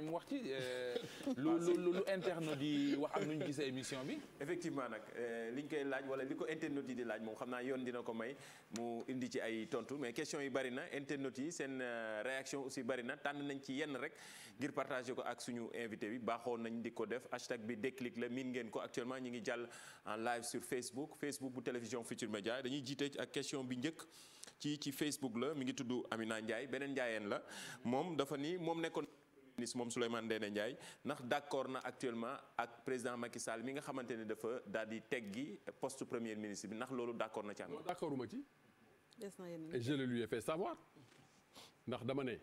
may mu wax ci euh, lu lu lu internautes yi wax ak nu ñu émission bi. effectivement nag euh, li ñu koy laaj wala li ko internautes yi di laaj moom xam naa yoon dina ko may mu indi ci ay tontu mais question yi bari na internautes yi seen euh, réaction aussi bari na tànn nañ ci yenn rek ngir partager ko ak suñu invité bi baaxoon nañ di ko def hashtag bi déclic la miin ngeen ko actuellement ñu ngi jàll en live sur Facebook Facebook bu télévision Futur Média dañuy jiite ak question bi njëkk ci ci Facebook la mi ngi tudd Amina Ndiaye beneen njaayeen la moom dafa ni moom nekkoon ministre moom Souleymane Ndéné Ndiaye ndax d'accord na actuellement ak président Macky mi nga xamante ne dafa daal di teggi poste premier ministre bi ndax loolu d'accord na ci am. d'accorduma ci. des na yéen et je savoir ndax dama ne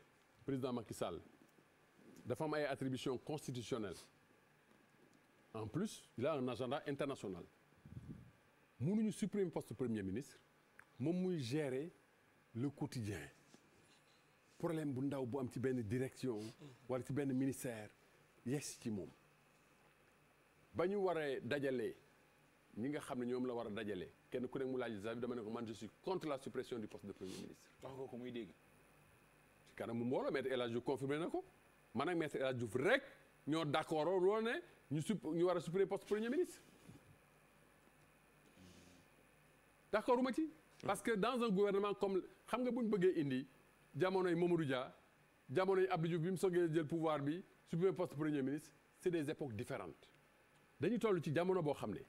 président Macky dafa am ay attributions constitutionnelles en plus il a un agenda international mënuñu supprimer poste premier ministre moom muy gérer le quotidien problème bu ndaw bu am ci benn direction. wala ci benn ministère yes ci moom. ba ñu waree dajalee ñi nga xam ne ñoom la war a dajalee kenn ku nekk mu laaj sax dama ne ko man je suis contre la suppression du poste de premier ministre. wax nga ko muy dégg. ci kanamu mbooloo maître El Hadj Diouf confirmé na ko man ak maître El Hadj rek ñoo d' accord loolu ne ñu supp ñu war a supprimer poste premier ministre. d' accord ci. Hmm. parce que dans un gouvernement comme xam nga bu ñu bëggee indi. jamonoy Mamadou Dia jamonoy Abdou Diouf bi mu soogee jël pouvoir bi su premier poste premier ministre c'est des époques différentes dañu toll ci jamono boo xam ne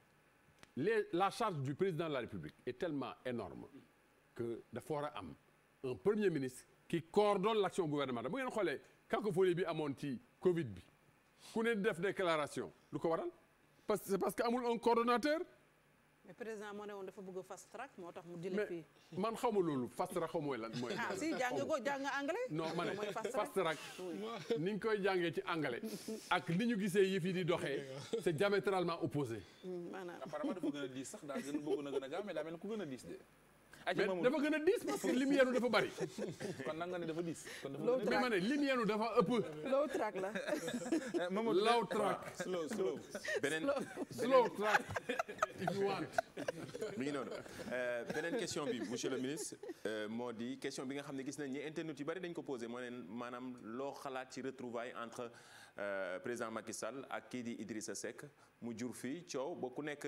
les la charge du président de la République est tellement énorme que dafa war a am un premier ministre qui coordonne l'action gouvernementale bu ngeen xoolee cacophonie bi amoon ci Covid bi ku ne def déclaration lu ko waral parce que c'est parce que amul un coordonnateur mais président moo ne woon dafa bëgg fast track moo tax mu. dile fii man xamu loolu fast xaw mooy lan mooy. ah si jàng ko jàng anglais. non ma ne fast track ni ñu koy jàngee ci anglais. ak li ñu gisee yëf yi di doxee. c' est diamétralement opposé. Mm, maanaam apparemment dafa gën a diis sax daal gën a na mel ku gën a diis de. dafa gën a diis parce dafa bari. kon nag nga ne dafa diis. kon dafa gën a ma ne lumière dafa ëpp. low track la. Mamadou low track. Ah, slow slow. beneen slow track mi ngi noonu euh, beneen question bi monsieur le ministre euh, moo di question bi nga xam ne gis nañ ñi internet yu bari dañ ko posé moo neen maanaam loo xalaat ci retrouvailles entre euh, président Macky Sall ak kii di Idrissa Seck mu jur fii coow ba ku nekk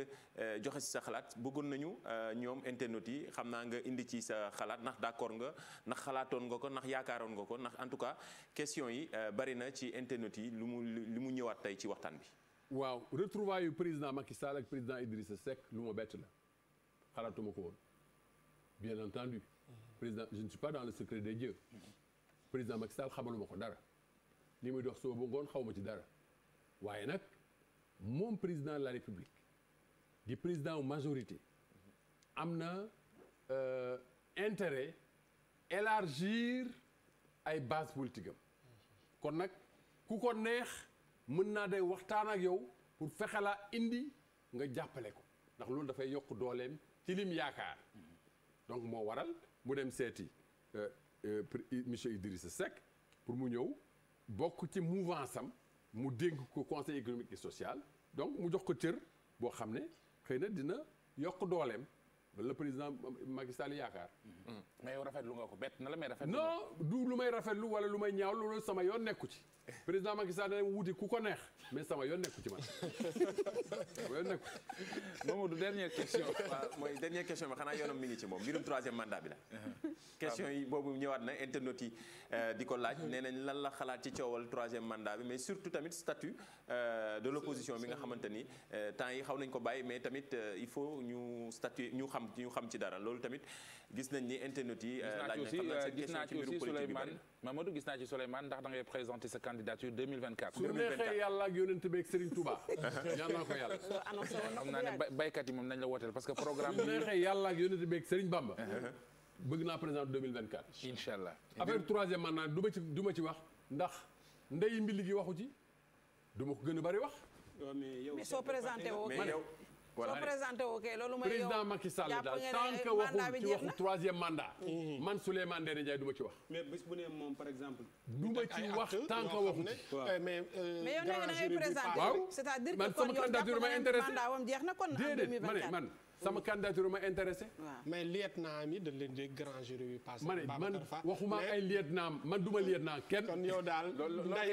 joxe ci sa xalaat bëggoon nañu ñoom internet yi xam naa nga indi ci sa xalaat ndax d'accord nga ndax xalaatoon nga ko ndax yaakaaroon nga ko ndax en tout cas question yi bari na ci internet yi lu mu li mu ñëwaat tey ci waxtaan bi waaw retrouvailles yu président Macky Sall ak président Idrissa Seck lu ma bett la xalaatuma ko woon bien entendu mhm. président je ne suis pas dans le secret des dieux mhm. président Macky Sall xamaluma ko dara li muy dox soo bu ngoon xaw ma ci dara waaye nag moom président la république di président majorité mhm. am na euh, intérêt élargir ay base politique am kon nag ku ko neex mën naa day waxtaan ak yow pour fexelaa indi nga jàppale ko ndax loolu dafay yokk dooleem ci lim yaakaar donc moo waral mu dem seeti euh, euh, monsieur Idrissa Seck pour mu ñëw bokk ci mouvance am mu dénk ko conseil économique et social donc mu jox ko cër boo xam ne xëy na dina yokk dooleem le président Macky Sall yaakaar. Mm-hmm. mais yow rafetlu nga ko bett na la may rafetlu non du lu may rafetlu wala lu may ñaaw loolu sama yoon nekku ci. président Macky Sall dana wuti ku ko neex mais sama yoon nekku ci man sama yoon nekku Mamadou dernière question mooy dernière question bi xanaa yoonam mi ngi ci moom mbirum troisième mandat bi la uh-huh. question yi boobu ñëwaat na internautes yi euh, di ko laaj uh-huh. nee nañ lan la xalaat ci coowal troisième mandat bi mais surtout tamit statut euh, de l'opposition bi nga xamante ni euh, temps yi xaw nañ ko bàyyi mais tamit il faut ñu statut ñu xam ñu xam ci dara loolu tamit gis nañ ni internet yi. laaj naa gis euh, naa ci aussi euh, Souleymane Mamadou gis naa ci Souleymane ndax da ngay présenter sa candidature 2024. 2024 su neexee yàlla yonent beeg Serigne Touba. ñaan naa ko baykat yi moom nañ la wooteel parce que programme bi. su neexee yàlla ak yonent beeg Serigne Bamba. Uh-huh. bëgg naa présenter 2024. incha allah affaire troisième mandat du ma ci du ma ci wax ndax ndey mbi liggéey waxu ci du ma ko gën a bari wax. mais soo présenté woo. mais yow voilà présenté woo kay loolu mooy yow président Macky Sall daal tant ci waxu troisième mandat. Mm-hmm. Mm-hmm. man Souleymane Ndéné Ndiaye ci wax. mais bés bu ne moom par exemple. du ma ci wax tant que waxu ci. waaw eh, euh, mais yow léegi da ngay présenté. waaw c'est-à-dire que kon yow jàpp na mandat man. sama candidature ma intéressé. mais lieutenant yi dañ leen di grand jury yu passé. man waxuma ay lieutenant man duma lieutenant kenn. kon yow daal nday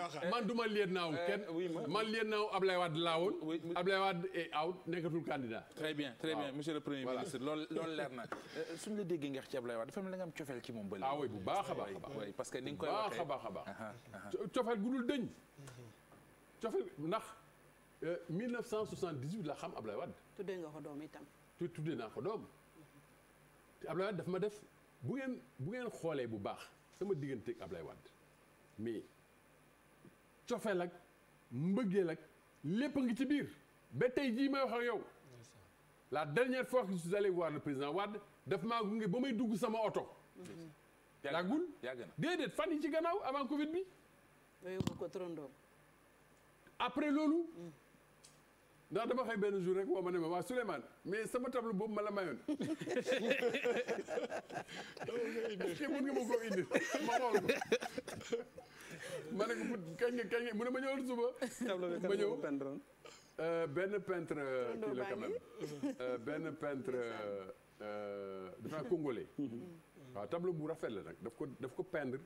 wax eh, man duma lieutenant eh, kenn man lieutenant Ablaye Wade laa woon. Ablaye Wade est out nekkatul candidat. très bien monsieur le premier ministre. loolu leer na eh, suñu la déggee nga wax ci Ablaye Wade dafa mel ni nga am cofeel ci moom ba léegi. ah oui bu baax a baax a baax. Uh-huh, uh-huh. cofeel gu dëñ. Mm-hmm. cofeel ndax. 1978 euh, la xam Ablaye Wade. tuddee nga ko doom itam. tu tuddee naa ko doom. te Ablaye Wade daf ma def bu ngeen bu ngeen xoolee bu baax sama digganteeg Ablaye Wade mais cofeel ak mbëggeel ak lépp ngi ci biir ba tey jii may wax ak yow. la dernière fois que je suis voir le président Wade daf maa gunge ba may dugg sama oto. yàggul déedéet fan yi ci gannaaw avant Covid bi. après loolu. Mm. ndax dama xëy benn jour rek woo ma ne ma waa Souleymane mais sama tableau boobu ma la mun nga ma koo indi ma xool ma ne mu ne ma ñëwoon suba. tableau bi ma euh, benn peintre euh, kii la euh, benn peintre dafa congolais. Mhm. waaw tableau bu rafet la nag daf ko daf ko peindre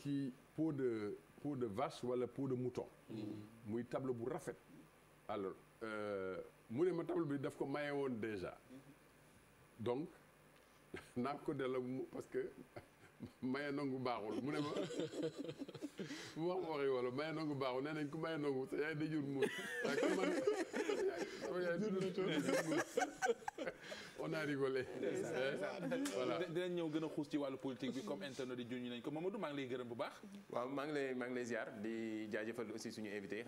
ci peau de peau de vache wala peau de mouton. Mhm. muy tableau bu rafet alors. mu ne ma table bi daf ko maye woon déjà donc naa ko delloo mu parce que maye nangu baaxul mu ne ma mu wax ma waxi wala maye nangu baaxul nee nañ ku maye nangu sa yaay dajur muur waaye yaay dajur on a rigolé. voilà dinañ ñëw gën a xuus ci wàllu politique bi comme internet di junj nañ ko Mamadou maa ngi lay gërëm bu baax. waaw maa ngi lay maa ngi lay ziar di jaajëfal aussi suñu invité